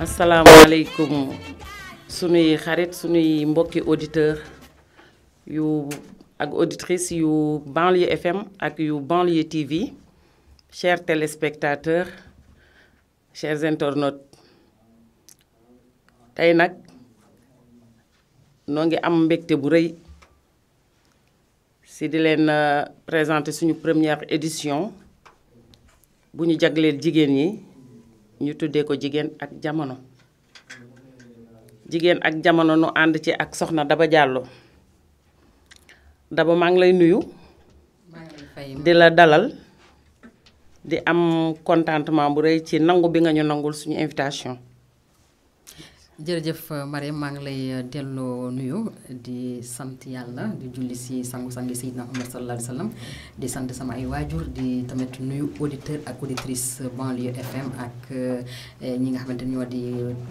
asalaamaaleykum sunuy xarit sunuy mbokki auditeur yu ak auditrice yu banlieue FM ak yu banlieue TV chers téléspectateurs cher internautes tey nag noo ngi am mbégte bu rëy si di leen euh, présenter suñu première édition bu ñu jagleel jigéen ñi ñu tuddee ko jigéen ak jamono jigéen ak jamono nu ànd ci ak soxna Daba jàlloo Daba maa ngi lay nuyu di la dalal di am contentement bu rëy ci nangu bi nga ñu nangul suñu invitation jërëjëf euh, Marème maa ngi lay euh, delloo nuyu di sant yàlla di julli si sangu-sangi Seydina Muhammad sallallahu alayhi wa sallam di sant sama ay waajur di tamit nuyu auditeur ak auditrice banlieue FM ak euh, ñi nga xamante ñoo di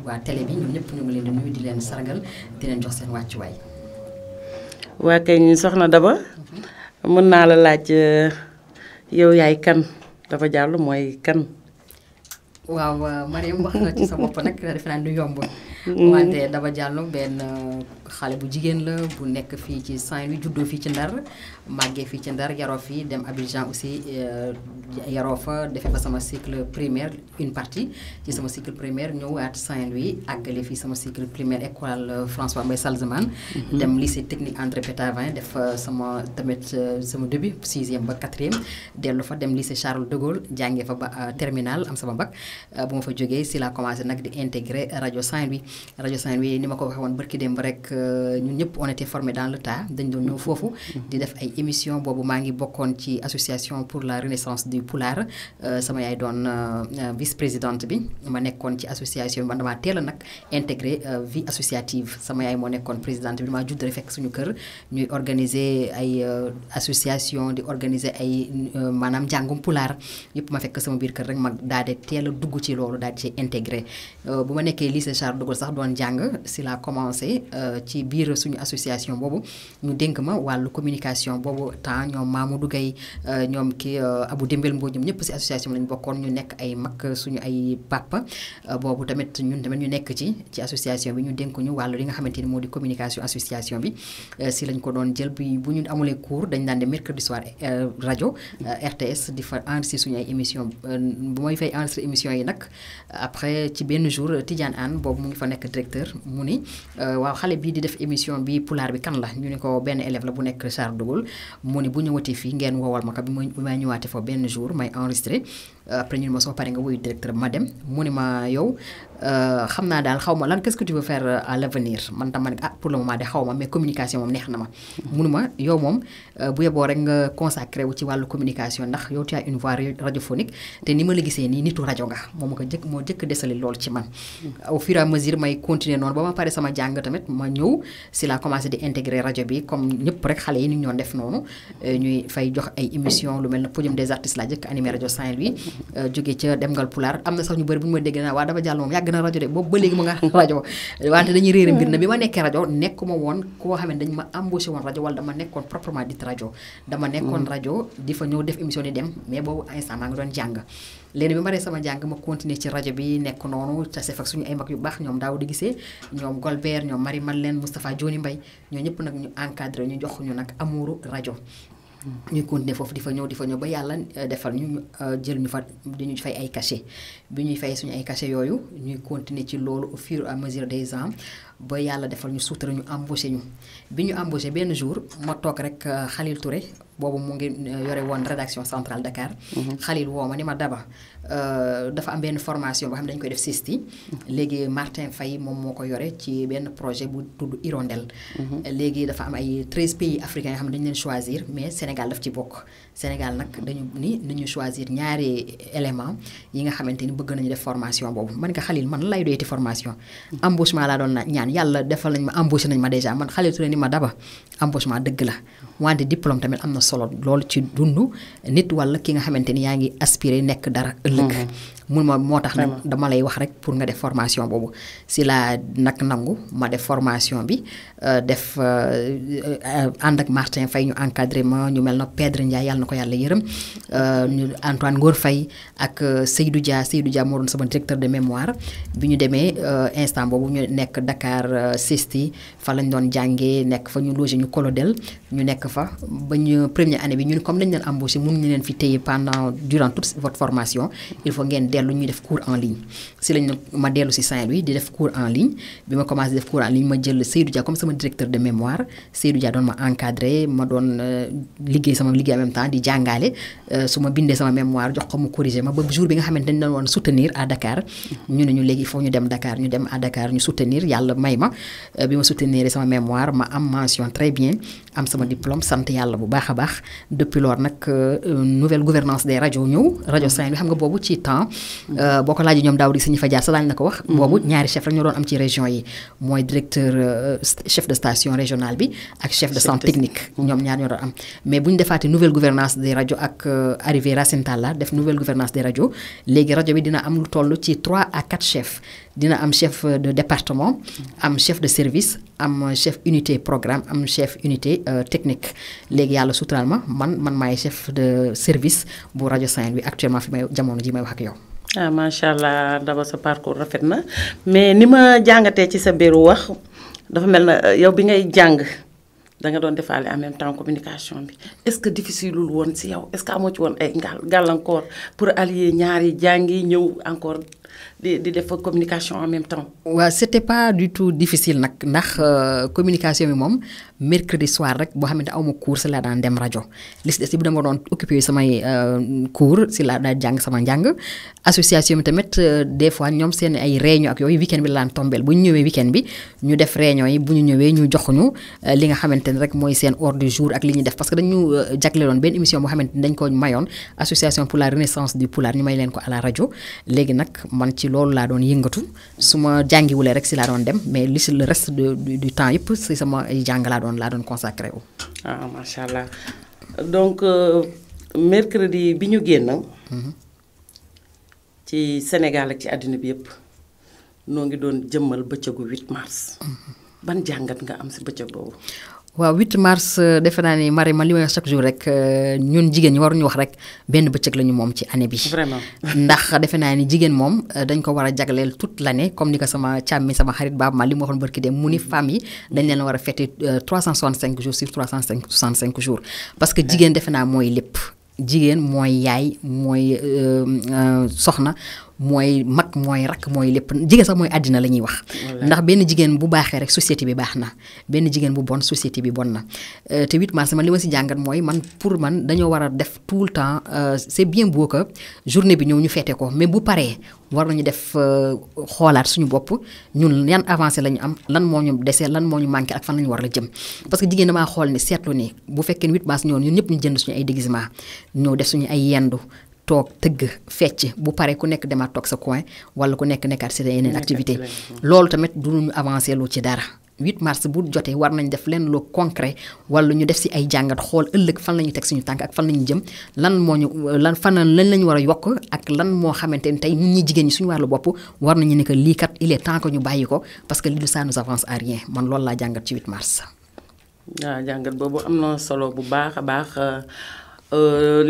waa télé bi ñoom ñëpp ñu ngi leen di nuyu di leen sargal di leen jox seen wàccuwaay. waa kay ñu soxna Daba mhm. mën naa la laaj yow yaay kan dafa jàll mooy kan. waaw Marème wax nga ci sa bopp nag defe naa du yomb. wante Daba Diallo benn xale bu jigéen la bu nekk fii ci Saint-Louis juddoo fii ci Ndar màggee fii ci Ndar yaroo fii dem Abidjan aussi euh, yaroo fa defee fa sama cycle primaire une partie ci sama cycle primaire ñëwaat Saint-Louis àggale fii sama cycle primaire école euh, François Mbaye Salzman. Mhm. dem lycée technique André Pétavin def sama tamit euh, sama début sixième ba quatrième dellu fa dem lycée Charles de Gaulle jàngee fa ba terminal am sama bac bu ma fa jógee si laa commencé nag di intégrer rajo Saint-Louis rajo Saint-Louis ni ma ko waxee woon barki rek. Euh, ñun ñëpp on était formés dans le tas dañ doon ñëw foofu. di def ay émissions boobu maa ngi bokkoon ci association pour la renaissance du Pulaar euh, sama yaay doon euh, vice présidente bi ma nekkoon ci association bi man damaa a nag intégré vie associative sama yaay moo nekkoon présidente bi maa judd rek fekk suñu kër ñuy organiser ay association di organiser ay maanaam njàngum Pulaar yëpp ma fekk sama biir kër rek mag daal di teel a dugg ci loolu daal ci intégré bu ma nekkee lycée Charles de sax doon jàng si la commencé. ci biir suñu association boobu ñu dénk ma wàllu communication boobu temps ñoom Mamadou Gueye euh, ñoom ki euh, abu Dembel Mbodj ñoom ñëpp si association lañ bokkoon ñu nekk ay mag suñu ay papa euh, boobu tamit ñun tamit ñu nekk ci ci association bi ñu dénk ñu wàllu li nga xamante ni moo di communication association bi si lañ ko doon jël bi bu ñu amulee cours dañ daan de mercredi soir rajo RTS di fa enregistré suñu ay émission bu may fay enregistré émission yi nag après ci benn jour Tidiane Anne boobu mu ngi fa nekk directeur mu ni waaw xale bii di def émission bi pulaar bi kan la ñu ne ko benn élève la bu nekk saar Dougol mu ni bu ñëwatee fii ngeen woowal ma ko bi may ñëwaatee foofu benn jour may enregistré Euh, après ñun ma sama pare nga wuyu directeur ma dem mu ne ma yow euh, xam naa daal xaw ma lan qu'est-ce que tu veux faire euh, à l'avenir man tam ma ne ah, xaw ma mais communication neex na ma. munu ma yow moom bu yeboo rek nga consacré wu ci wàllu communication ndax yow tu as une ni ma la gisee nii nitu rajo nga moom ko jëkk moo jëkk lool ci man. au fur noonu ba ma pare sama jàng tamit ma ñëw si la commencé di intégrer rajo bi comme ñëpp rek xale yi ni ñu def noonu ñuy fay jox ay émissions lu mel ne podium des artistes laa jëkk animé rajo Saint-Louis. Euh, jóge ca dem ngal pulaar am na sax ñu bëri bu ñu ma dégg naa waa dama jàll moom yàgg na rajo de boobu ba léegi ma nga rajo wante dañuy réere mbir na bi ma nekkee rajo nekkuma woon koo xam ne dañ ma embauché woon rajo wala dama nekkoon proprement dit rajo dama nekkoon mm. rajo di fa ñëw def émission di dem mais boobu instant maa ngi doon jàng léegi bi ma ree sama jàng ma continuer ci rajo bi nekk noonu ak fak suñu ay mag yu baax ñoom daaw di gisee ñoom Golbert ñoom Marie Madeleine Moustapha Dioni Mbaye ñoo ñëpp nag ñu encadré ñu jox ñu nag amuuru rajo ñuy continuer foofu di fa ñëw di fa ñëw ba yàlla euh, defal ñu euh, jël ñu fa dañu fay ay cachet bi ñuy fay suñu ay cachet yooyu ñuy continuer ci loolu au fur à mesure des ans ba yàlla defal ñu suutara ñu embauché ñu bi ñu embauché benn jour ma toog rek euh, Khalil ture boobu mu ngi euh, yore woon rédaction centrale Dakar. Mhm. Khalil woo ma ni ma daba euh, dafa am benn formation boo xam ne dañu koy def sisti mhm. léegi Martin fay moom moo ko yore ci benn projet bu tudd Hirondelle. Mhm. léegi dafa am ay treize pays africains yoo xam ne dañu leen choisir mais Sénégal daf ci bokk. Sénégal nag dañu ni nañu choisir ñaari élément yi nga xamante ni bëgg nañu def formation boobu man nga Khalil man lay ti formation embauchement laa doon ñaan yàlla defal nañ ma embauché nañ ma déjà man Khalil Touré ni ma daba embauchement dëgg la wante diplôme tamit am na solo loolu ci dund nit wala ki nga xamante ni yaa ngi aspiré nekk dara ëllëg mm-hmm. mun ma moo tax nag dama lay wax rek pour nga def formation boobu si laa nag nangu ma def formation bi euh, def euh, euh, ànd ak Martin Faye ñu encadrement ñu mel na Pedre Ndiaye yàlla na ko yàlla yërëm ñu Antoine Ngor Faye ak Seydou Dia Seydou Dia moo doon sama directeur de mémoire bi ñu demee instant boobu ñu nekk Dakar CESTI fa lañ doon jàngee nekk fa ñu logé ñu fa bañ première année bi ñu ne comme dañ leen embauché mun ñu leen fi téye pendant durant toute votre formation il faut ngeen dellu ñu def cours en ligne si lañ ma dellu si Saint-Louis di def cours en ligne bi ma commencé def cours en ligne ma jël Seydou Dia comme sama directeur de mémoire Seydou Dia doon ma encadré ma doon euh, liggéey sama liggéey en même temps di jàngale euh, su ma bindee sama mémoire jox ko mu corrigé ma ba jour bi nga xamante dañ doon woon soutenir à Dakar ñu ne ñu léegi il faut ñu dem Dakar ñu dem à Dakar ñu soutenir yàlla may ma euh, bi ma soutenir sama mémoire ma am mention très bien borom sant yàlla bu baax a baax depuis loolu nag euh, nouvelle gouvernance des rajo ñëw rajo mm-hmm. Saint-Louis xam nga boobu ci temps euh, boo ko laajee ñoom daaw di suñu fa jaar sa daañu la ko wax mm-hmm. boobu ñaari chef rek ñu doon am ci région yi mooy directeur euh, chef de station régionale bi ak chef de centre technique mm-hmm. ñoom ñaar ñoo doon am mais bu ñu defaatee nouvelle gouvernance des rajo ak arrivé Racine Talla def nouvelle gouvernance des rajo léegi rajo bi dina am lu toll ci 3 dina am chef de département am chef de service am chef unité programme am chef unité euh, technique léegi yàlla suturaal ma man man maay chef de service bu rajo Saint bi actuellement fi may jamono ji may wax ak yow. ah allah Daba sa parcours rafet na mais ni ma jàngatee ci sa biiru wax dafa mel na euh, yow bi ngay jàng. da nga doon defaale en même temps communication bi est-ce que difficulul woon si yow est-ce que amoo ci woon ay gàllankoor pour allier ñaari jàngi ñëw encore di di def communication en même temps. waaw c'était pas du tout difficile nag ndax euh, communication bi moom mercredi soir rek boo xamante aw ma cours si laa daan dem rajo li si des bi dama doon occupé samay euh, cours si laa daan jàng sama njàng. association bi tamit euh, des fois ñoom seen ay réunion ak yooyu weekend bi la daan tombeel bu ñu ñëwee weekend bi ñu def réunion yi bu ñu ñëwee ñu jox ñu li nga xamante ne rek mooy seen ordre du jour ak li ñuy def parce que dañu jagleeloon benn émission boo xamante ni dañ mayoon association pour la renaissance du Pulaar ñu ko la rajo léegi loolu laa doon yëngatu su ma jàngiwulee rek si laa doon dem mais li si le reste du temps yëpp si sama ay jàng laa doon laa doon consacré wu. Ah, macha allah donc euh, mercredi bi ñu génn. Mhm. ci Sénégal ak ci àddina bi yëpp noo ngi doon jëmmal bëccëgu 8 mars. Mhm. ban jàngat nga am si bëccëg boobu. waaw 8 mars euh, defe naa ni mari man li may chaque jour rek euh, ñun jigéen ñi waruñu wax rek benn bëccëg la ñu moom ci année bi. vraiment ndax defe naa ni jigéen moom euh, dañ ko war a jagleel toute l' année comme ni ko sama càmmi sama xarit Baaba ma li mu waxoon barki dem mu ni femme yi dañ leen war a fêter 365 jours sur 365 jours parce que jigéen defe naa mooy lépp jigéen mooy yaay mooy soxna. mooy mag mooy rakk mooy lépp jigéen sax mooy àddina la ñuy wax. ndax benn jigéen bu baaxee rek société bi baax na benn jigéen bu bon société bi bon na. Euh, te 8 mars man li ma si jàngat mooy man pour man dañoo war a def tout le temps euh, c'est bien beau que journée bi ñëw ñu feete ko mais bu paree war nañu def euh, xoolaat suñu bopp ñun yan avancé la ñu am lan moo ñu dese lan moo ñu manqué ak fan la ñu war a jëm. parce que jigéen damaa xool ni seetlu ni bu fekkee 8 mars ñëw ñun ñëpp ñu jënd suñu ay déguisement ñëw def suñu ay yendu. toog tëgg fecc bu pare ku nekk demaat toog sa coin wala ku nekk nekkaat si yeneen activité hmm. loolu tamit du ñu avancé lu ci dara 8 mars bu jotee war nañ def lenn lu concret wala ñu def si ay jàngat xool ëllëg fan la ñu teg suñu tànk ak fan la ñu jëm lan moo ñu lan fan lan la war a yokk ak lan moo xamante tey ñun ñi jigéen ñi suñu wàllu bopp war nañu ne que lii kat il est ñu bàyyi ko parce que lii ça nous avance à man loolu laa jàngat ah, a baax euh,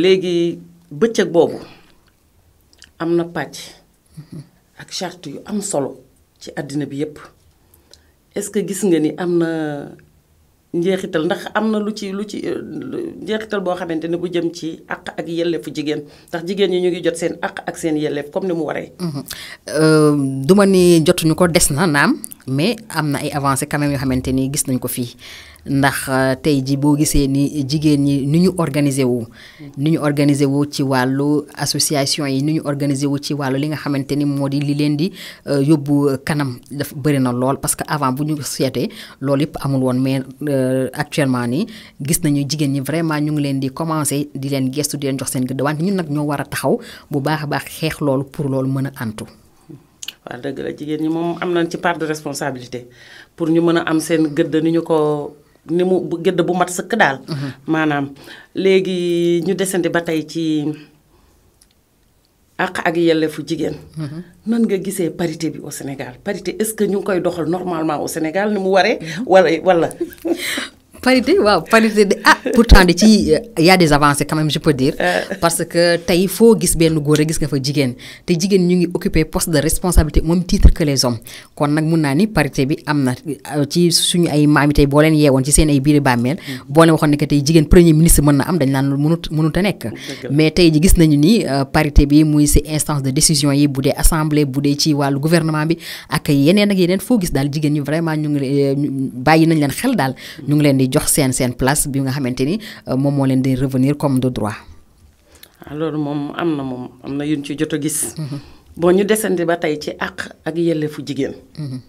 bëccëg boobu am na pàcc ak charte yu am solo ci àddina bi yépp est-ce que gis nga ni am na njeexital ndax am na lu ci lu ci euh, njeexital boo xamante ne bu jëm ci àq ak yelleefu jigéen ndax jigéen ñi ñu ngi jot seen àq ak seen yelleef comme ni mu waree. Mhm. Euh, duma ni jotuñu ko des na naam mais am na ay avancées quand même yoo xamante ni gis nañ ko fii ndax euh, tey ji boo gisee ni jigéen ñi ni ñu organiser wu mm. ni ñu organiser wu ci wàllu association yi ni ñu organiser wu ci wàllu li nga xamante ni moo di li leen di euh, yóbbu kanam daf bëri na lool parce que avant bu ñu seetee loolu yëpp amul woon mais euh, actuellement nii gis nañu jigéen ñi vraiment ñu ngi leen di commencé di leen gestu di leen jox seen gëdd wante ñun nag ñoo war a taxaw bu baax a baax xeex loolu pour loolu mën a antu waaw dëgg la jigéen ñi moom am nañ ni mu gëdd bu mat sëkk daal. Mhm. maanaam léegi ñu desandi ba tey ci àq ak yelleefu jigéen. Mhm. nan nga gisee parité bi au Sénégal parité est-ce que ñu ngi koy doxal normalement au Sénégal ni mu waree. Mhm. wala wala. parité waaw parité de ah pourtant de ci euh, y a des avancées quand même je peux dire euh. parce que tey foo gis benn góor a gis nga fa jigéen te jigéen ñu ngi occupé poste de responsabilité moom titre que les hommes kon nag mun naa ni parité bi am na euh, ci suñu ay maam yi tey boo leen yeewoon ci seen ay biiri bàmmeel mm. boo leen waxoon ne que tey jigéen premier ministre mën na am dañ naan mënut mënut a nekk mais tey ji gis nañu ni parité bi muy si instance de décision yi bu dee assemblée bu dee ci wàllu gouvernement bi ak yeneen ak yeneen foo gis daal jigéen ñi vraiment ñu ngi bàyyi nañ leen xel daal ñu ngi leen di jox jox seen seen place bi nga xamante ni euh, moom moo leen di revenir comme de droit. alors ah, moom am na moom am na yuñ ci jot a gis. Mhm. bon ñu desandi ba tey ci àq ak yelleefu jigéen. Mhm.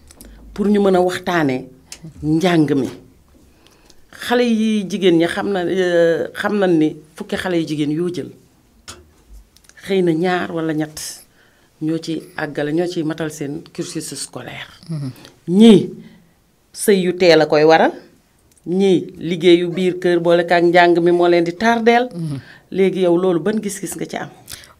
pour ñu mën a waxtaanee njàng mi. xale yi jigéen ñi xam na euh, xam na ni fukki xale yu jigéen yoo jël xëy na ñaar walla ñett ñoo ci àggale ñoo ciy matal seen cursus scolaire. Mhm. ñii sëy yu teel a koy waral. ñii liggéeyu biir kër boole ak njàng mi moo leen di tardeel mhm. léegi yow loolu ban gis-gis nga ci am.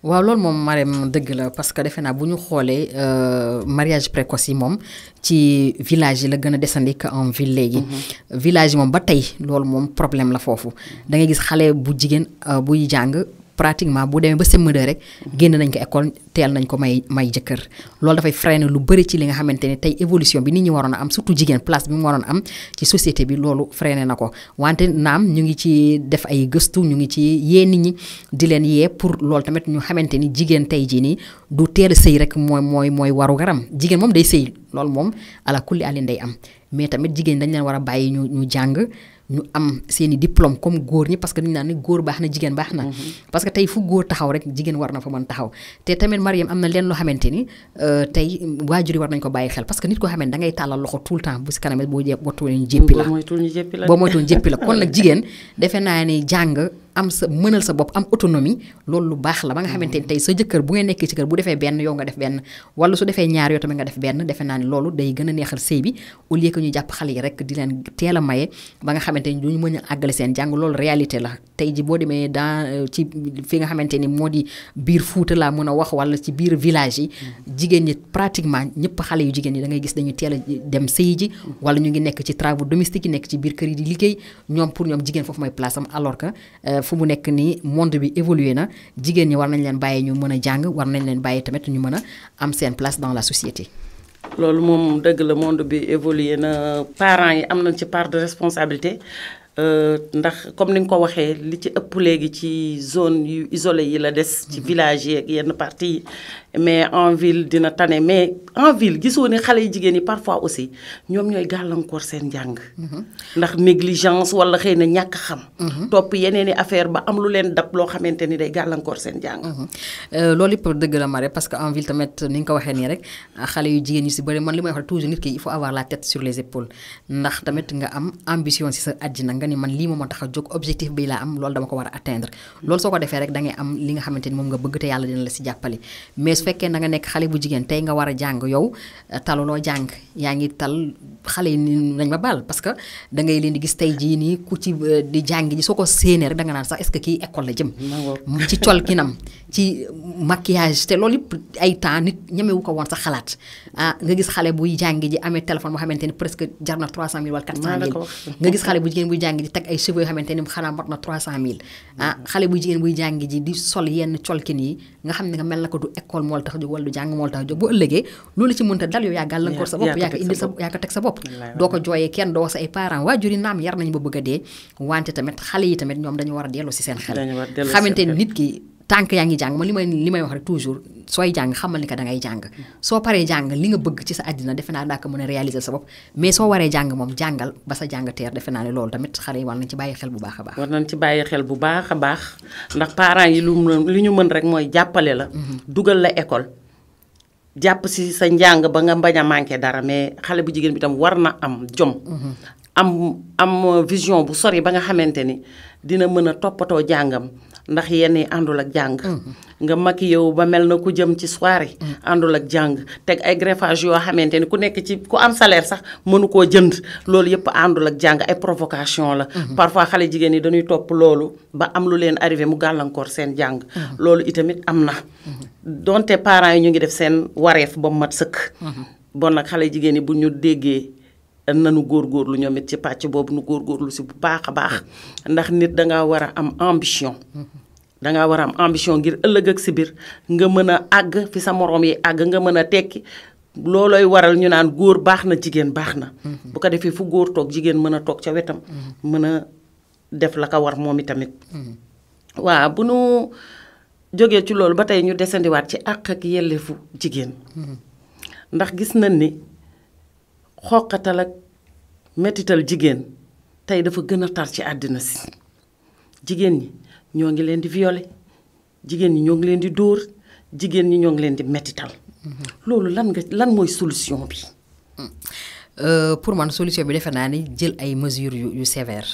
waaw loolu moom Marème dëgg la parce que defe naa bu ñu xoolee euh, mariage précoce yi moom ci village yi la gën a desandi que en ville léegi. Mhm. village yi moom ba tey loolu moom problème la foofu da gis xale bu jigéen euh, buy jàng. pratiquement bu demee ba sem de rek génn nañ ko école teel nañ ko may may jëkkër loolu dafay freiner lu bari ci li nga xamante ne tey évolution bi nit ñi waroon a am surtout jigéen place bi mu waroon am ci société bi loolu freiner na ko wante naam ñu ngi ci def ay gëstu ñu ngi ci yee nit ñi di leen yee pour lool tamit ñu xamante ni jigéen tey jii nii du teel a sëy rek mooy mooy mooy waru garam jigéen moom day sëy loolu moom ala kulli alin day am mais tamit jigéen dañ leen ñu am seen i diplôme comme góor ñi parce que dañu naan ne góor baax na jigéen baax na. Mhm. parce que tey fu góor taxaw rek jigéen war na fa mën taxaw te tamit Mariam am na leen loo xamante ni euh, tey waajur yi war nañ ko bàyyi xel parce que nit koo xam ne da ngay tàllal loxo tout le temps bu si kanam boo jé boo moytuwul ñu jéppi la boo moytuwul ñu jéppi la kon nag jigéen defe naa ne jàng am sa mënal sa bopp am autonomie loolu baax la ba nga mm. xamante ni tey sa jëkkër bu ngeen nekkee ci kër bu defee benn yow nga def benn wala su defee ñaar yoo tamit nga def benn defe naa ne loolu day gën a neexal sëy bi au lieu que ñu jàpp xale yi rek di leen teel a maye ba nga xamante ni duñu mën a àggale seen jàng loolu la tey ji boo demee dans euh, ci fi nga xamante ni moo di biir Fuuta laa mën a wax wala ci biir village yi mm. jigéen ñi pratiquement ñëpp xale yu jigéen ñi dangay gis dañu teel a dem sëy ji mm. wala ñu ngi nekk ci travaux domestiques yi nekk ci biir kër yi di liggéey ñoom pour ñoom jigéen foofu mooy place am alors que euh, fu mu nekk nii monde bi évolué na jigéen ñi war nañ leen bàyyi ñu mën a jàng war nañ leen bàyyi tamit ñu mën a am seen place dans la société. loolu moom dëgg la monde bi évoluer na parents yi am nañ ci part de responsabilité Euh, ndax comme ni nga ko waxee li ci ëpp léegi ci zone yu isolée yi la des. ci mhm. village yi ak yenn parties yi mais en ville dina tane mais en ville gisoo ne xale yi jigéen yi parfois aussi ñoom ñooy gàllankoor seen njàng. Mhm. ndax négligence wala xëy na ñàkk xam. Mhm. topp yeneen i affaire ba am lu leen dab loo xamante ni day gàllankoor seen njàng. Euh, loolu yëpp dëgg la Marie parce que en ville tamit ni nga ko waxee nii rek xale yu jigéen yu si bëri man li may wax toujours nit ki il faut avoir la tête nga am ambition si sa àddina nga ni man lii moom moo tax a jóg objectif bi laa am loolu dama ko war a atteindre loolu soo ko defee rek da am li nga xamante ni moom nga bëgg te yàlla dina la si jàppale mais su fekkee na nekk xale bu jigéen eh, tal xale yi ni nañ ma baal parce que da ngay leen di gis tey jii nii ku ci eh, di jàng ji soo ko séenee rek da nga naan sax est-ce que kii école la jëm ci col kinam ci maquillage te loolu yëpp ay temps nit ñemewu ko woon sax xalaat ah nga gis xale buy jàng ji amee téléphone boo xamante ni presque jar na 300000 wala 400000 ah, nga gis xale bu jigéen buy jàng jàngi teg ay cheveux xamante ni xanaa mot na 300000 ah xale bu jigéen buy jàngi ji di sol yenn colkin yi nga xam ne nga mel na ko du école moo tax jóg wala du jàng moo tax jóg bu ëllëgee loolu ci mënta dal yaa gàllankoor sa bopp yaa ko indi sa yaa ko teg sa bopp doo ko jooyee kenn doo sa ay parents waajur yi naam yar nañu ba bëgg dee wante tamit xale yi tamit ñoom dañu war a dellu seen xel xamante nit ki tànk yaa ngi jàng man li may li may wax rek toujours sooy jàng xamal ni que da ngay jàng soo paree jàng li nga bëgg ci sa àddina defe naa daa ko mën a réaliser sa bopp mais soo waree jàng moom jàngal ba sa jàng teer naa ne loolu tamit xale war nañ ci bàyyi xel bu baax a baax xel bu baax a baax ndax parents yi lu li ñu mën rek mooy jàppale la mhm. dugal la école jàpp si sa njàng ba nga bañ manqué dara mais xale bu jigéen bi tam war na am jom mhm. am am vision bu sori ba nga xamante ni dina mën a toppatoo jàngam ndax yenn yi àndul ak jàng. Mm-hmm. nga mag yow ba mel na ku jëm ci yi mm-hmm. àndul ak jàng teg ay greffage yoo xamante ni ku nekk ci ku am salaire sax mënu koo jënd loolu yëpp àndul ak jàng ay provocation la. Mm-hmm. parfois xale jigéen yi dañuy topp loolu ba am lu leen arrivé mu gàllankoor seen jàng. loolu itamit am na. donte parents yi ñu ngi def seen wareef ba mu mat sëkk. bon nag xale jigéen yi bu ñu déggee. nanu góor lu it ci pàcc boobu nu góorgóorlu si bu baax a baax ndax nit danga war a am ambition war a am ambition ngir ëllëg ak si biir nga mën a àgg fi sa moroom yi àgg nga mën a tekki loolooy waral ñu naan góor baax na jigéen baax na mm-hmm. bu ko defee fu góor toog jigéen mën a toog ca wetam mm-hmm. mën a def la ko war moom itamit mm-hmm. waa bu nu jógee ci loolu ba tey ñu desandiwaat ci àq ak yelleefu jigéen ndax gis na ni xoqatal ak mettital jigéen tey dafa gën a tar ci àddina si jigéen ñi ñoo ngi leen di viole jigéen ñi ñoo ngi leen di dóor jigéen ñi ñoo ngi leen di mettital mm-hmm. loolu lan nga lan mooy solution bi mm-hmm. euh, pour man solution bi defe naa ni jël ay mesures yu yu sévères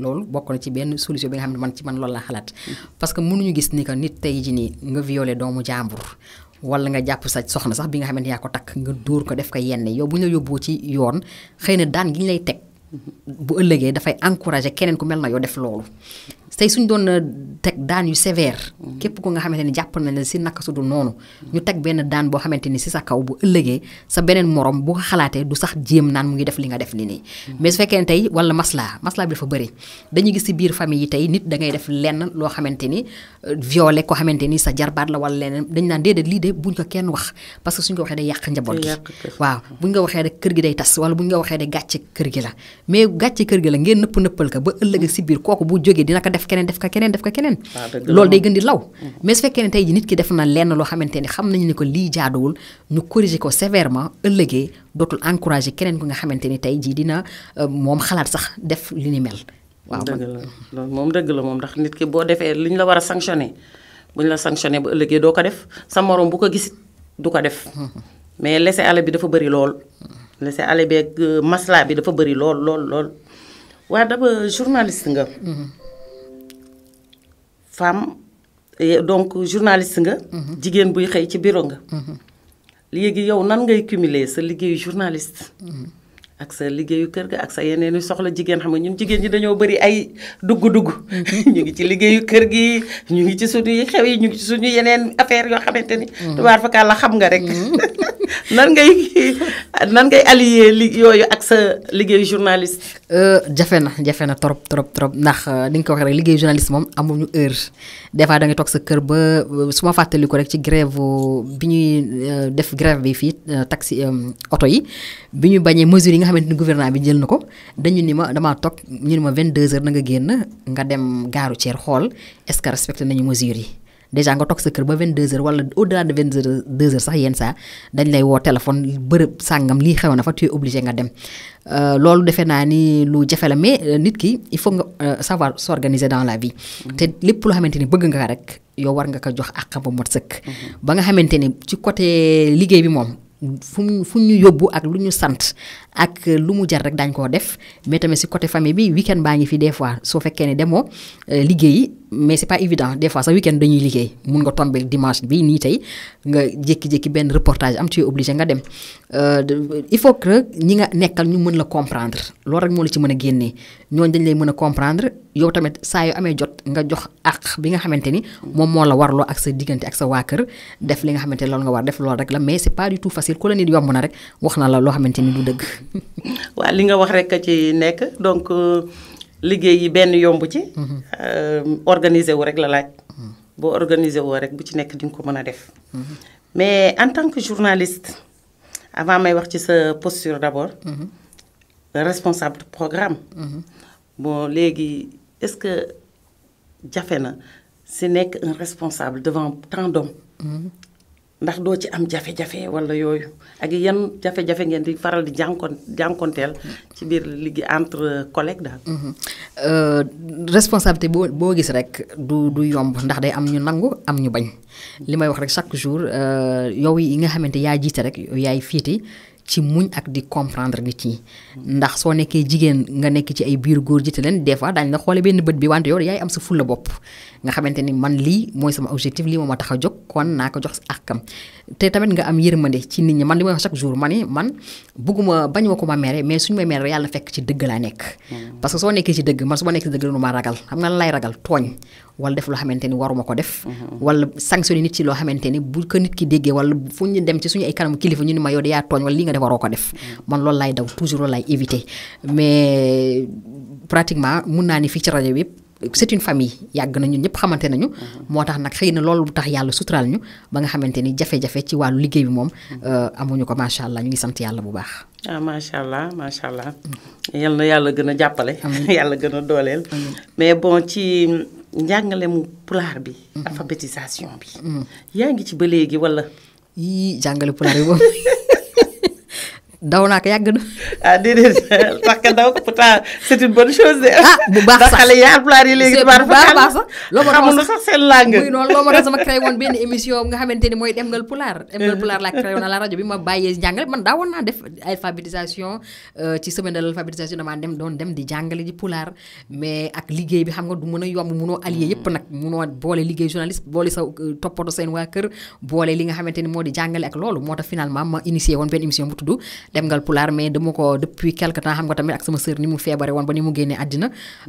loolu bokk na ci benn solution bi nga xam ne man ci man loolu laa xalaat mm-hmm. parce que mënuñu gis ni que nit tey ji nii nga viole doomu jàmbur wala nga jàpp sa soxna sax bi nga xamante yaa ko takk nga dóor ko def ko yenn yow bu ñu la yóbboo ci yoon xëy na daan gi ñu lay teg bu ëllëgee dafay encouragé keneen ku mel na yow def loolu tey suñ doon na euh, teg daan yu sévère mm-hmm. képp ko nga xamante ni jàpp na ne si nakk su du noonu ñu teg benn daan boo xamante ni si sa kaw bu ëllëgee sa beneen morom bu ko xalaatee du sax jéem naan mu ngi def li nga def ni nii mm-hmm. mais su fekkee ne tey wala maslaa maslaa bi bëri dañuy gis si biir famille yi tey nit da def lenn loo xamante ni euh, violé ko xamante ni sa jarbaat la wala leneen dañ naan déedéet lii de buñ ko kenn wax parce que suñ ko waxee day yàq njaboot gi waaw buñ ko waxee rek kër gi day tas wala buñ ko waxee de gàcce kër gi la mais gàcce kër gi la ngeen nëpp nëppal ko ba ëllëg si biir kooku bu jógee dina ko def def keneen def ko keneen def ko ah, loolu day gën di law mm-hmm. mais su fekkee ne tey ji nit ki def na lenn loo xamante ni xam nañu ne ko lii jaaduwul ñu corriger ko sévèrement ëllëgee dootul encourager keneen ko nga xamante ni tey jii dina euh, moom xalaat sax def li ni mel waaw dëgg la loolu moom dëgg la moom ndax nit ki boo defee li ñu la war a sanctionné bu ñu la sanctionné ba ëllëgee doo ko def sa moroom bu ko gis du ko def mm-hmm. mais laisser-aller bi dafa bëri lool mm-hmm. laisser-aller beeg euh, masla bi dafa bëri lool lool lool femme eh, donc journaliste nga. Mhm. jigéen buy xëy ci biiro nga. Mhm. léegi yow nan ngay cumuler sa liggéeyu journaliste. Mhm. ak sa liggéeyu kër ga ak sa yeneen i soxla jigéen xam nga ñun jigéen ñi dañoo bëri ay dugg-dugg. Mm-hmm. ñu ngi ci liggéeyu kër gi ñu ngi ci suñuy xew yi ñu ngi ci suñu yeneen affaire yoo xamante ni. Mm-hmm. tubaar fa xam nga rek. Mm-hmm. ngay nan ngay allier li yooyu ak sa liggéeyu journaliste. Euh, jafe na jafe na trop trop trop ndax li euh, nga ko waxee rek liggéeyu journaliste moom amuñu heure des fois da ngay toog sa kër ba euh, su ma fàttali ko rek ci grève bi ñuy def grève bi fii taxi oto yi bi ñu bañee mesure nga xamante ni gouvernement bi jël na ko dañu ni ma damaa toog ñu ni ma 22h na nga génn nga dem gaaru Thiès xool est-ce que respecté nañu mesures yi déjà nga toog sa kër ba 22h wala au-delà de 22h sax yenn saa dañ lay woo téléphone bërëb sàngam lii xew na fa tu es nga dem. Euh, loolu defe naa ni lu jafe la mais euh, nit ki il faut nga euh, savoir s'organiser dans la vie. Mm-hmm. te lépp loo xamante ni bëgg nga rek yow war nga ko jox àq ba mot sëkk. Mm-hmm. ba nga xamante ni ci côté liggéey ak lu mu jar rek daañ koo def mais tamit si côté famille bi weekend baa ngi fi des fois soo fekkee ne demoo euh, liggéeyi mais c'est pas évident des fois sax weekend dañuy liggéey mun nga tomber dimanche bi nii tey nga jékki-jékki benn reportage am ci es obligé nga dem euh, il faut que ñi nga nekkal ñu mën la comprendre loolu rek moo la ci mën a génnee ñooñ dañ lay mën a comprendre yow tamit saa yoo amee jot nga jox ak bi nga xamante ni moom moo la warloo ak sa diggante ak sa waa kër def li nga xamante loolu nga war def wax na la loo xamante ni du dëgg waa li nga wax rek ci nekk donc euh, liggéey yi benn yomb ci. Mhm. Euh, organiser wu rek la laaj. Mhm. boo organiser woo rek bu ci nekk di nga ko mën a def. Mhm. mais en tant que journaliste avant may wax ci sa posture d'abord. responsable programme. bon léegi est-ce que jafe na si nekk un responsable devant tant dome ndax doo ci am jafe-jafe wala yooyu ak yan jafe-jafe ngeen di faral di jànkon jànkonteel ci biir liggéey entre collègues daal. Mm-hmm. Euh, responsabilité boo boo gis rek du du yomb ndax day am ñu nangu am ñu bañ. li may wax rek chaque jour euh, yow yi nga xamante yaa jiite rek yaay fiiti ci muñ ak di comprendre nit ñi ndax soo nekkee jigéen nga nekk ci ay biir góor jiite leen des fois daañu la xoole benn bët bi wante yow yaay am sa fulla bopp nga xamante ni man lii mooy sama objectif lii moo ma tax a jóg kon naa ko jox sa àqam te tamit nga am ma yërmande ci nit ñi man li may wax chaque jour ma ni man bugguma bañ ma ko ma mere mais suñu may mere yàlla fekk ci dëgg laa nekk mm. parce que soo nekkee ci dëgg man su ma nekkee ci dëgg nu ragal xam nga lay ragal tooñ wala def loo xamante ni waruma ko def mm-hmm. wala sanctionné nit ci loo xamante ni bu ko nit ki déggee wala fu ñu dem ci suñu ay kanamu kilifa ñu ni ma yow de yaa tooñ wala li nga def waroo ko def mm. man loolu laay daw toujours loolu laay éviter pratiquement mun naa ni fii ci rajo bi c'est une famille yàgg nañu ñëpp xamante nañu. moo tax nag xëy na loolu tax yàlla suturaal ñu ba nga xamante ni jafe-jafe ci wàllu liggéey bi moom euh, amuñu ko macha allah ñu ngi sant yàlla bu baax. ah macha allah macha allah. yal na yàlla gën a jàppale. yàlla gën a dooleel. mais bon ci njàngalemu pulaar bi. Mm-hmm. alphabétisation bi. Mm. yaa ngi ci ba léegi walla yii jàngale pulaar bi boobu. daw naa ko yàgg na. ah déedéet parce que daw ah, a baax sax xamuñu sax seen langue. muy nga xamante ni mooy Demgal Pulaar. Pulaar laa créé la rajo bi ma bàyyee jàngale man daawoon naa def alphabétisation euh, ci semaine de l'alphabétisation damaa dem doon dem di jàngale ji pulaar mais ak liggéey bi xam nga du mën a yomb mu munoo allier yëpp nag munoo boole liggéey journaliste boole sa euh, toppatoo seen waa boole li nga xamante ni moo di jàngale ak loolu moo tax finalement ma initié woon benn émission bu tudd dem ngal pulaar mais dama ko depuis quelque temps xam nga tamit ak sama sœur ni mu feebare woon ba ni mu génnee àddina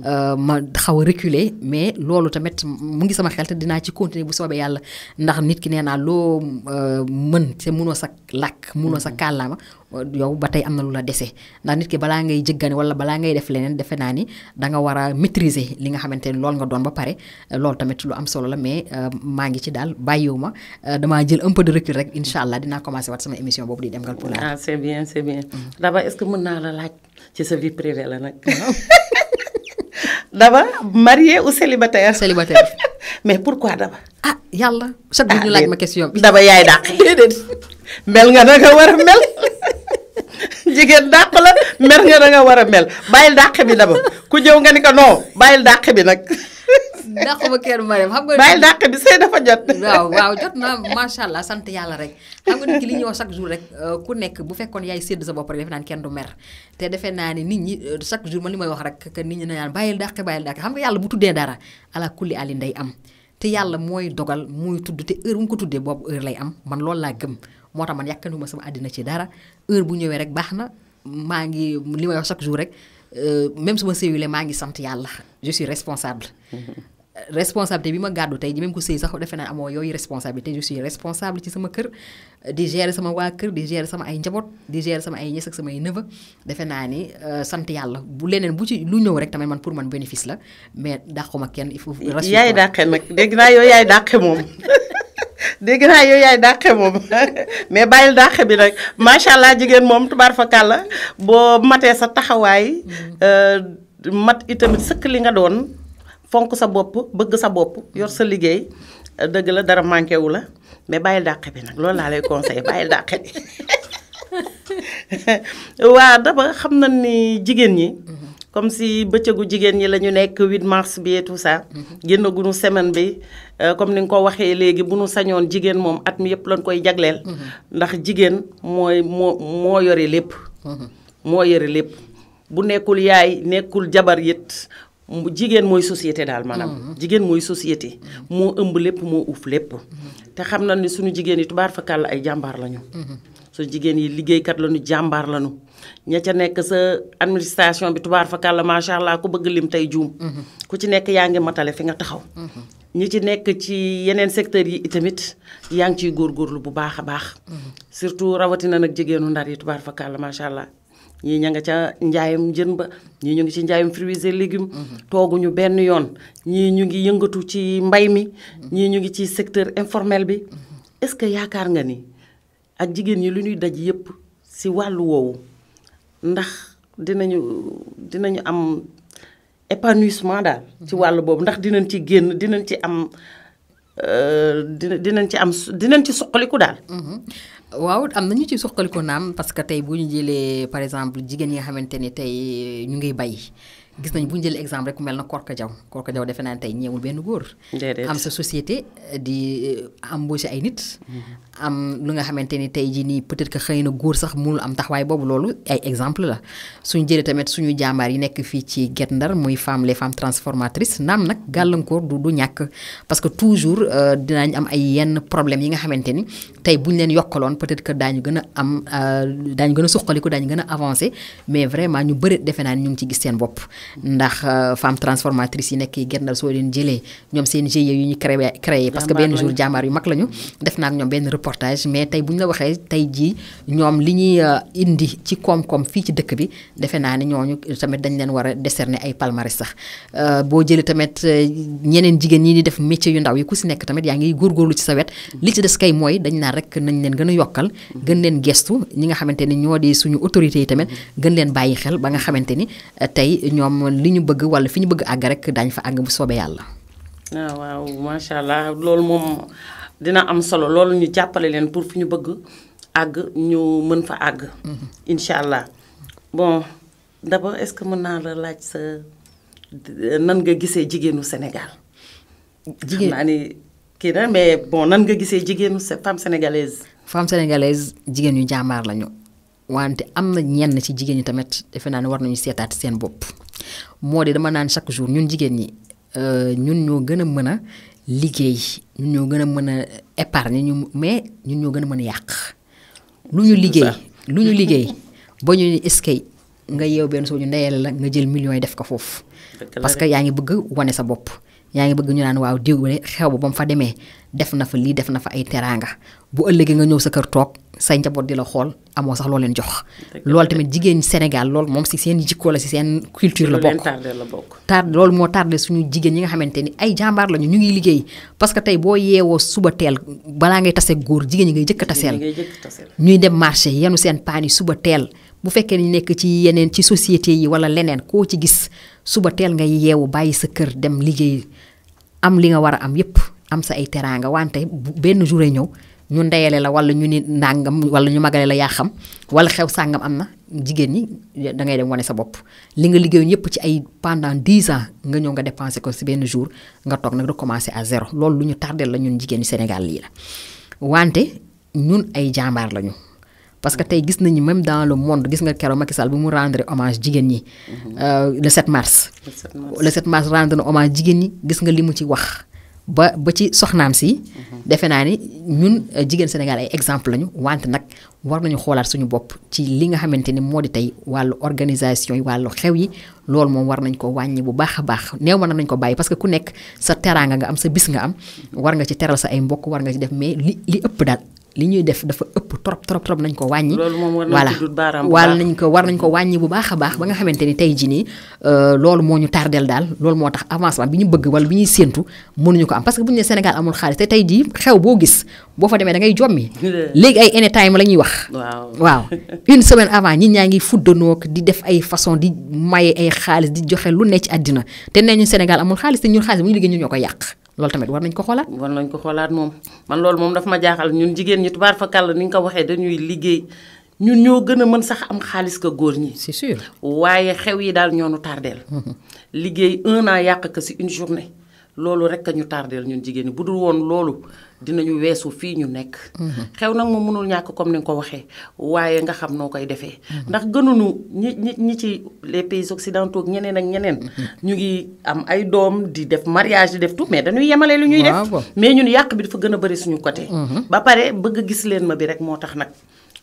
euh, ma xaw réculer mais loolu tamit mu ngi sama xel te dinaa ci continuer bu soobee yàlla ndax nit ki nee naa loo euh, mën te munoo sa làkk munoo sa mm-hmm. kàllaama yow ba tey am na lu la dese ndax nit ki balaa ngay jëggane wala balaa ngay def leneen defe naa ni da nga war a maîtriser li nga xamante ne loolu nga doon ba pare eh, loolu tamit lu am solo la mais euh, maa ngi ci daal bàyyiwu ma euh, damaa jël un peu de rek incha allah dinaa commencé waat sama émission boobu di dem gal pulaar. ah c'est bien mm. naa la sa vie privée la nag. Daba marié ou célibataire. célibataire. mais pourquoi Daba. ah yàlla chaque ah, ma question yaay dàq war a mel. jigéen dàq la mer nga da nga war a mel bàyyil dàq bi dama ku jëw nga ni ko non bàyyil dàq bi nag. dàq ma kenn ma dem xam nga. bàyyil dàq bi sëy dafa jot. waaw waaw jot na macha allah sant yàlla rek xam nga nit ki li ñuy wax chaque jour rek euh, ku nekk bu fekkoon yaay sédd sa bopp rek defe naan kenn du mer te defe naa ne nit ñi euh, chaque jour man li may wax rek que nit ñi naan bàyyil dàq bàyyil dàq xam nga yàlla bu tuddee dara ala kulli ali nday am te yàlla mooy dogal muy tudd te heure bu mu ko tuddee boobu heure lay am man loolu laa gëm moo tax man yàkkanu ma sama àddina ci dara heure bu ñëwee rek baax na maa ngi li ma wax chaque jour rek euh, même su ma séyulee maa ngi sant yàlla je suis responsable. bi ma gàddu tey ji ko sëy sax defe naa amoo yooyu responsabilité je suis ci sama kër di gérer sama waa kër di gérer sama ay njaboot di gérer sama ay ñes ak samay neveu defe naa ni euh, sant yàlla bu leneen bu ci lu ñëw rek tamit man pour man bénéfice la mais dàquma kenn il faut. yaay dàqe nag yaay dàqe moom. dégg naa yow yaay dàqe moom mais bàyyil dàqe bi nag macha allah jigéen moom tubaar fa kàlla boo matee sa taxawaay euh, mat itamit sëkk li nga doon fonk sa bopp bëgg sa bopp yor sa liggéey euh, dëgg la dara manqué wu la mais bàyyil dàqe bi nag loolu laa lay conseillé bàyyil dàqe bi waa dama xam na ni jigéen ñi. comme si bëccëgu jigéen ñi la ñu nekk 8 mars bi et génn ça. Mhm. génnaguñu semaine bi euh, comme ni nga ko waxee léegi bu nu sañoon jigéen moom at yëpp lañ koy jagleel. Mhm. ndax jigéen mooy moo moo yore lépp. Mhm. moo yore lépp bu nekkul yaay nekkul jabar yit jigéen mooy société daal maanaam. jigéen mooy société. moo ëmb lépp moo uuf lépp. te xam na ni suñu jigéen yi tubaar fa kàll ay jàmbaar lañu. suñu jigéen yi liggéeykat lañu jàmbaar lañu ña ca nekk sa administration bi tubaar fa kàlla macha allah ku bëgg lim tey juum. Mhm. ku ci nekk yaa ngi matale fi nga taxaw. Mhm. ñi ci nekk ci yeneen secteurs yi itamit yaa ngi ciy góor góorlu bu baax a baax. Mhm. surtout rawatina nag jigéenu ndar yi tubaar fa kàlla macha allah. ñii ña nga ca njaayam jën ba ñii ñu ngi ci njaayam fruits et légumes. tooguñu benn yoon ñii ñu ngi yëngatu ci mbay mi. ñii ñu ngi ci secteur informel bi. est-ce que yaakaar nga ni. ak jigéen ñi lu ñuy daj yépp ci wàllu woowu ndax dinañu dinañu am épanouissement daal. ci mhm. wàllu boobu ndax dinañ ci génn dinañ ci am euh, dina dinañ ci am dinañ ci suqaliku daal. Mhm. waaw am na ñu ci suqaliku naam parce que tey bu ñu jëlee par exemple jigéen yi nga xamante ni tey ñu ngi bay. gis nañ bu ñu jëlee exemple rek mel na Korka Diaw Korka Diaw defe naa tey ñeewul benn góor. am sa société euh, di euh, embauché ay nit. Mm-hmm. am lu nga xamante ni tey jii nii peut-être que xëy na góor sax mënul am taxawaay boobu loolu ay exemple la suñu jëlee tamit suñu jàmbaar yi nekk fii ci Guet muy femme les femmes transformatrices naam nag gàllankoor du ñàkk. parce que toujours euh, dinañ am ay yenn problème yi nga xamante ni tey bu ñu leen yokkaloon peut-être que daañu gën a am daañu gën a suqaliku daañu gën a avancé mais vraiment ñu bëri defe naan ni ñu ngi ci gis seen bopp. ndax euh, femme transformatrice yi nekk yi gennal soo leen jëlee ñoom seen GIE yu ñu créé créé parce que benn jour jàmbaar yu mag lañu def naa ak ñoom benn reportage mais tey bu ñu la waxee tey jii ñoom li ñuy euh, indi ci koom-koom fii ci dëkk bi defe naa ne ñooñu tamit dañ leen war a décerner ay palmarès sax euh, boo jëlee tamit ñeneen jigéen ñi di def métier yu ndaw yi ku si nekk tamit yaa ngi góorgóorlu ci sa wet li ci des kay mooy dañ naa rek nañ leen gën a yokkal gën leen gestu ñi nga xamante ni ñoo di suñu autorité yi tamit gën leen bàyyi xel ba nga xamante ni tey xam li ñu bëgg wala fi ñu bëgg àgg rek daañ fa àgg bu soobee yàlla. Ah, waaw waaw macha allah loolu moom dina am solo loolu ñu jàppale leen pour fi ñu bëgg àgg ñu mën fa àgg. Mhm. incha allah bon d'abord est-ce que mën naa la laaj sa nan nga gisee jigéenu Sénégal. jigéen xam kii na mais bon nan nga gisee jigéenu femme sénégalaise. femme sénégalaise jigéen ñu jàmbaar lañu. wante am na ñenn ci jigéen ñi tamit defe naa ne war nañu seetaat seen bopp. moo di dama naan chaque jour ñun jigéen ñi euh, ñun ñoo gën a mën a liggéey ñun ñoo gën a mën a épargne ñu mais ñun ñoo gën a mën a yàq. lu ñu liggéey lu ñu liggéey ba ñu eskay nga yeew benn soo ñu ndeyal la nga jël million yi def ko foofu. parce que yaa ngi bëgg wane sa bopp. yaa ngi bëgg ñu naan waaw diw xew ba ba mu fa demee def na fa lii def na fa ay teraanga bu ëllëgee nga ñëw sa kër toog say njaboot di la xool amoo sax loo leen jox. loolu tamit jigéen Sénégal lool moom si seen jikko la si seen culture la bokk. tardé loolu moo tardé suñu jigéen ñi nga xamante ni ay jàmbaar lañu ñu ngi liggéey parce que tey boo yeewoo suba teel balaa ngay tase góor jigéen ñi ngay jëkk a taseel. ñuy dem marché yenu seen paan suba teel. bu fekkee ni nekk ci yeneen ci société yi wala leneen koo ci gis suba teel ngay yeewu bàyyi sa kër dem liggéey am li nga war a am yépp am sa ay teraanga wante benn jour ñëw ñu ndeyale la wala ñu ni ndàngam wala ñu magale la yaa xam wala xew sàngam am na jigéen ñi da ngay dem wane sa bopp li nga liggéeyoon yëpp ci ay pendant dix ans nga ñëw nga dépensé ko si benn jour nga toog nag recommencé à zéro lool lu ñu tardé la ñun jigéen ñi Sénégal yi la wante ñun ay jàmbaar lañu parce que tey gis nañu même dans le monde gis nga keroog Macky Sall bi mu rendre hommage jigéen ñi. Mm-hmm. Euh, le 7 mars. le 7 mars rendre na hommage jigéen ñi gis nga li mu ci wax. ba ba ci soxnaam si. defe naa ni ñun euh, jigéen Sénégal ay exemple lañu wante nag war nañu xoolaat suñu bopp ci li nga xamante ni moo di tey wàllu organisation yi wàllu xew yi loolu moom war nañ ko wàññi bu baax a baax néew ma nañ ko bàyyi parce que ku nekk sa teraanga nga am sa bis nga am war nga ci teral sa ay mbokk war nga ci def mais li li ëpp daal. li ñuy def dafa ëpp trop trop trop nañ ko wàññi. loolu moom war nañ ko baaraam voilà nañ war nañ ko wàññi bu baax a baax ba nga xamante ni tey jii nii euh, loolu moo ñu tardel daal loolu moo tax avancement bi ñu bëgg wala bi ñuy séentu mënuñu ko am parce que bu ñu ne Sénégal amul xaalis te tey jii xew boo gis boo fa demee da ngay léegi ay anytime la ñuy wax. waaw semaine avant ñi ñaa ngi fuddanoo di def ay façon di maye ay xaalis di joxe lu ne ci àddina te nee ñu Sénégal amul xaalis te ñun xaalis bu ñu liggéey ñu ñoo ko yàq loolu tamit war nañ ko xoolaat. war nañ ko xoolaat moom man loolu moom daf ma jaaxal ñun jigéen ñi tubaar fa kàll ni nga ko waxee dañuy liggéey ñun ñoo gën a mën sax am xaalis ko góor ñi. c'est sûr waaye xew yi daal ñoo nu tardeel. liggéey un an yàq ko si une journée. loolu rek a ñu tardeel ñun jigéen ñi bu dul woon loolu dinañu weesu fii ñu nekk. Mhm. xew nag moom mënul ñàkk comme ni nga ko waxee waaye nga xam noo koy defee. Mhm. ndax gënuñu ñi ñi ñi ci les pays occidentaux ñeneen ak ñeneen. Mhm. ñu ngi am ay doom di def mariage di def tout mais dañuy yemale lu ñuy def. mais ñun yàq bi dafa gën a bari suñu côté. ba pare bëgg gis leen ma bi rek moo tax nag.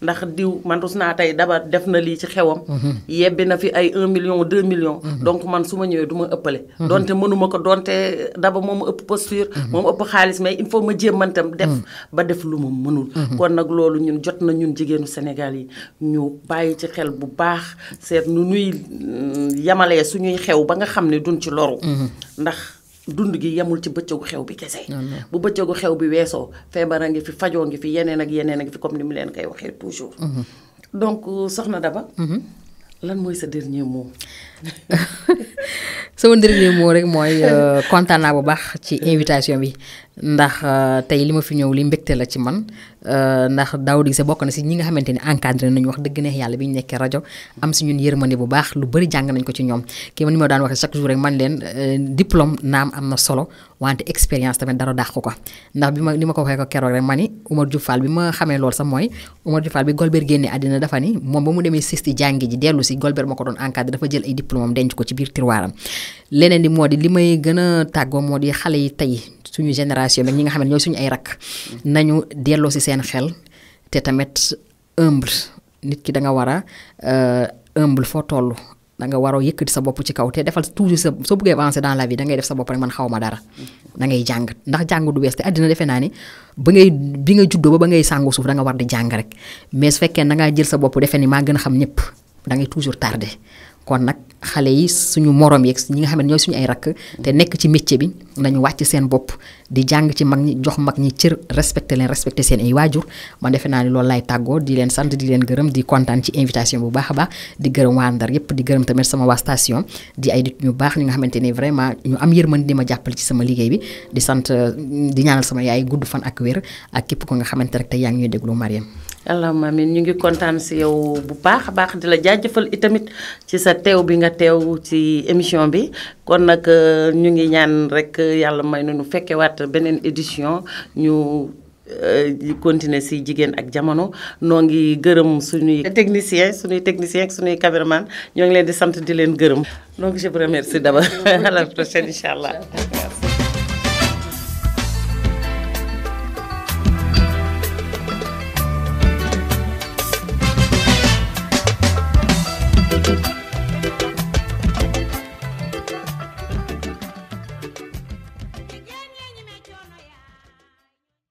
ndax diw man rus naa tey daba def na lii ci xewam. Mhm. yebbi na fi ay un million 2 million mhm. donc man su ma ñëwee duma ma ëppale. Mhm. donte mënuma ko donte daba moom ëpp posture. moom ëpp xaalis mais il faut ma jéemantam def ba def lu mu mënul. kon nag loolu ñun jot na ñun jigéenu senegal yi ñu bàyyi ci xel bu baax seet nu ñuy mm, yamalee suñuy xew ba nga xam ne duñ ci loru. ndax. dund gi yemul ci bëccëgu xew bi kese. bu bëccëgu xew bi weesoo feebar ngi fi fajoo ngi fi yeneen ak yeneen a fi comme ni mu leen kay waxee toujours. Mhm. donc euh, soxna Daba. Mhm. lan mooy sa dernier mot. sama dernier mot rek mooy euh, kontaan naa bu baax ci invitation bi. ndax euh, tey li ma fi ñëw li mbégte la ci man euh, ndax Daouda Guissé bokk na si ñi nga xamante ni encadré nañu wax dëgg neex yàlla bi ñu nekkee rajo am si ñun yërmande bu baax lu bari jàng nañ ko ci ñoom kii man ni ma daan waxee chaque jour rek man leen euh, diplôme naam am na solo wante expérience tamit dara dàq ko ndax bi ma li ma ko waxee ko keroog rek ma ni Umar Diouf bi ma xamee lool sax mooy Umar Diouf Fall bi Golbert génne àddina dafa ni moom ba mu demee sisti jàngi ji dellu si Golbert ma ko doon encadré dafa jël ay diplôme ko ci biir leneen di moo di li may gën a tàggoo moo di xale yi tey suñu génération nag ñi nga xam ne ñooy suñu ay rakk nañu delloo si seen xel te tamit humble nit ki da nga war a euh, humble foo toll da nga waroo yëkkati sa bopp ci kaw te defal toujours sa soo bëggee avancer dans la vie da ngay def sa bopp rek man xaw ma dara da ngay jàng ndax jàng du wees te àddina defe naa ni ba ngay bi nga juddoo ba ba ngay sàngu suuf da nga war di jàng rek mais su fekkee da ngaa jël sa bopp defe ni maa gën a xam ñëpp da ngay toujours tardé kon nag xale yi suñu morom yeeg ñi nga xam ne ñooy suñu ay rakk te nekk ci métier bi nañu wàcc seen bopp di jàng ci mag ñi jox mag ñi cër respecté leen respecté seen ay waajur man defe naa ni loolu laay tàggoo di leen sant di leen gërëm di kontaan ci invitation bu baax a baax di gërëm waa Ndar yépp di gërëm tamit sama waa station di ay nit ñu baax ñi nga xamante ni vraiment ñu am yërmande di ma jàppale ci sama liggéey bi di sant di ñaanal sama yaay gudd fan ak wér ak képp ko nga xamante rek te yaa ngi ñuy déglu allahumma amiin ñu ngi kontaan si yow bu baax a baax di la jaajëfal itamit ci sa teew bi nga teew ci émission bi kon nag euh, ñu ngi ñaan rek yàlla may na nu fekkewaat beneen édition ñu euh, di continuer si jigéen ak jamono noo ngi gërëm suñuy technicien suñuy technicien ak suñuy caméraman ñoo ngi leen di sant di leen gërëm donc je vous remercie d'abord à la prochaine allah